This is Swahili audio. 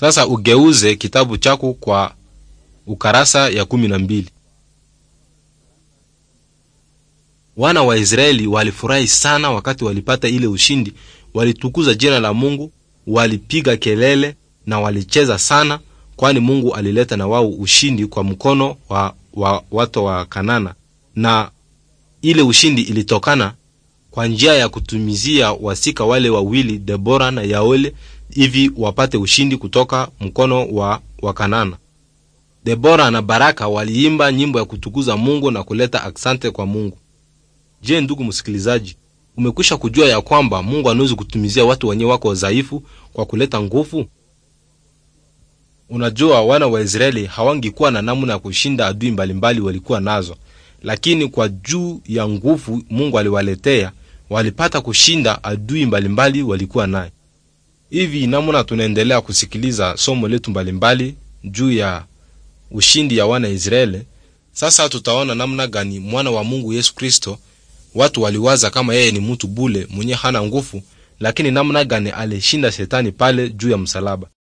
Sasa ugeuze kitabu chako kwa ukarasa ya kumi na mbili. Wana wa Israeli walifurahi sana wakati walipata ile ushindi, walitukuza jina la Mungu, walipiga kelele na walicheza sana, kwani Mungu alileta na wao ushindi kwa mkono wa, wa watu wa Kanana, na ile ushindi ilitokana kwa njia ya kutumizia wasika wale wawili Debora na Yaole hivi wapate ushindi kutoka mkono wa Wakanana. Debora na Baraka waliimba nyimbo ya kutukuza Mungu na kuleta aksante kwa Mungu. Je, ndugu msikilizaji, umekwisha kujua ya kwamba Mungu anaweza kutumizia watu wenye wako dhaifu kwa kuleta nguvu? Unajua, wana wa Israeli hawangekuwa na namna ya kushinda adui mbalimbali walikuwa nazo, lakini kwa juu ya nguvu Mungu aliwaletea walipata kushinda adui mbalimbali walikuwa naye. Hivi namna tunaendelea kusikiliza somo letu mbalimbali juu ya ushindi ya wana Israeli. Sasa tutaona namna gani mwana wa Mungu Yesu Kristo, watu waliwaza kama yeye ni mtu bule mwenye hana nguvu, lakini namna gani alishinda shetani pale juu ya msalaba.